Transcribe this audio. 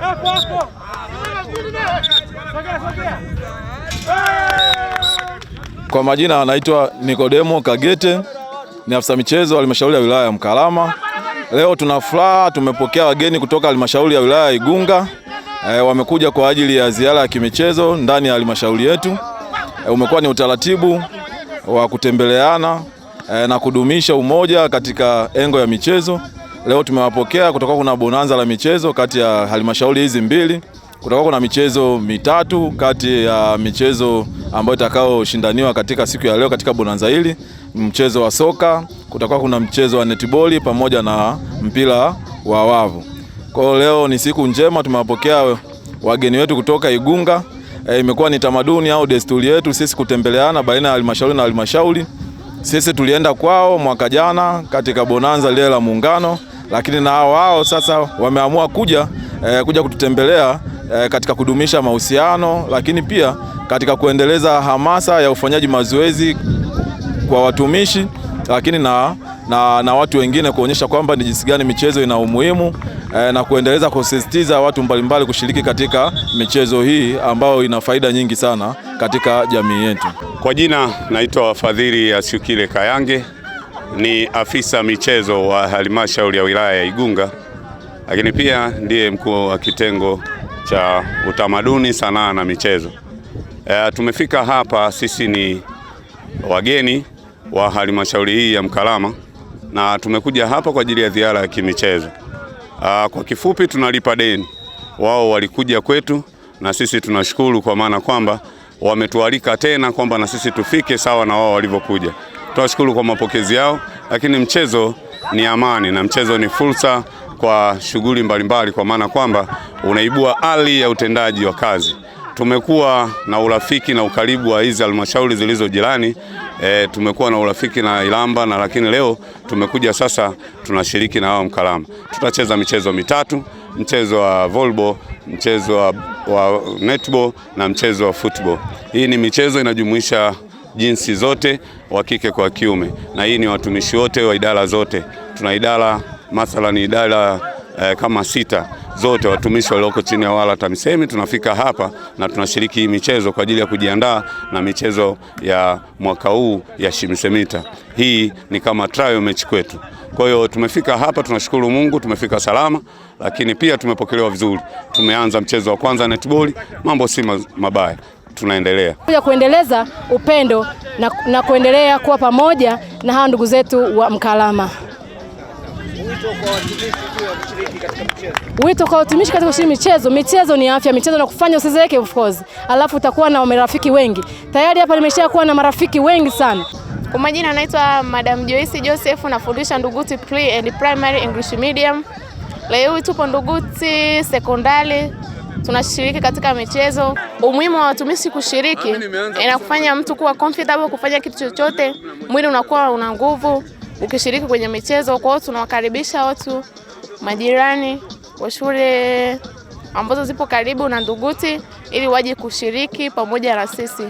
hapo hapo, sogea sogea. Kwa majina anaitwa Nikodemo Kagete, ni afisa michezo halmashauri ya wilaya ya Mkalama. Leo tuna furaha, tumepokea wageni kutoka halmashauri ya wilaya ya Igunga. E, wamekuja kwa ajili ya ziara ya kimichezo ndani ya halmashauri yetu. E, umekuwa ni utaratibu wa kutembeleana e, na kudumisha umoja katika engo ya michezo. Leo tumewapokea kutakuwa kuna bonanza la michezo kati ya halmashauri hizi mbili. Kutakuwa kuna michezo mitatu kati ya michezo ambayo itakayoshindaniwa katika siku ya leo katika bonanza hili, mchezo wa soka, kutakuwa kuna mchezo wa netiboli pamoja na mpira wa wavu. Kwa leo ni siku njema, tumewapokea wageni wetu kutoka Igunga. E, imekuwa ni tamaduni au desturi yetu sisi kutembeleana baina ya halmashauri na halmashauri. Sisi tulienda kwao mwaka jana katika bonanza lile la Muungano lakini na hao sasa wameamua kuja eh, kuja kututembelea eh, katika kudumisha mahusiano, lakini pia katika kuendeleza hamasa ya ufanyaji mazoezi kwa watumishi, lakini na, na, na watu wengine kuonyesha kwamba ni jinsi gani michezo ina umuhimu eh, na kuendeleza kusisitiza watu mbalimbali kushiriki katika michezo hii ambayo ina faida nyingi sana katika jamii yetu. Kwa jina naitwa Fadhili Asiukile Kayange ni afisa michezo wa halmashauri ya wilaya ya Igunga, lakini pia ndiye mkuu wa kitengo cha utamaduni, sanaa na michezo. E, tumefika hapa sisi ni wageni wa halmashauri hii ya Mkalama na tumekuja hapa kwa ajili ya ziara ya kimichezo. E, kwa kifupi tunalipa deni. Wao walikuja kwetu na sisi tunashukuru kwa maana kwamba wametualika tena kwamba na sisi tufike sawa na wao walivyokuja. Tunashukuru kwa mapokezi yao, lakini mchezo ni amani na mchezo ni fursa kwa shughuli mbalimbali, kwa maana kwamba unaibua hali ya utendaji wa kazi. Tumekuwa na urafiki na ukaribu wa hizi halmashauri zilizo jirani e, tumekuwa na urafiki na Ilamba na lakini leo tumekuja sasa, tunashiriki na wao Mkalama. Tutacheza michezo mitatu, mchezo wa volleyball, mchezo wa, wa netball na mchezo wa football. Hii ni michezo inajumuisha jinsi zote, wa kike kwa kiume, na hii ni watumishi wote wa idara zote. Tuna idara mathalani idara eh, kama sita zote watumishi walioko chini ya wala TAMISEMI tunafika hapa na tunashiriki hii michezo kwa ajili ya kujiandaa na michezo ya mwaka huu ya shimsemita Hii ni kama trial match kwetu. Kwa hiyo tumefika hapa, tunashukuru Mungu tumefika salama, lakini pia tumepokelewa vizuri. Tumeanza mchezo wa kwanza netball, mambo si mabaya tunaendelea kuja kuendeleza upendo na, na kuendelea kuwa pamoja na hawa ndugu zetu wa Mkalama. Wito kwa watumishi katika kushiriki michezo. Michezo ni afya, michezo na kufanya usizeeke, of course, alafu utakuwa na marafiki wengi. Tayari hapa nimesha kuwa na marafiki wengi sana. Kwa majina anaitwa Madam Joyce Joseph, nafundisha Nduguti Pre and Primary English Medium. Leo tupo Nduguti Sekondari, tunashiriki katika michezo umuhimu wa watumishi kushiriki inakufanya mtu kuwa comfortable kufanya kitu chochote, mwili unakuwa una nguvu ukishiriki kwenye michezo. Kwa hiyo tunawakaribisha watu majirani wa shule ambazo zipo karibu na Nduguti ili waje kushiriki pamoja na sisi.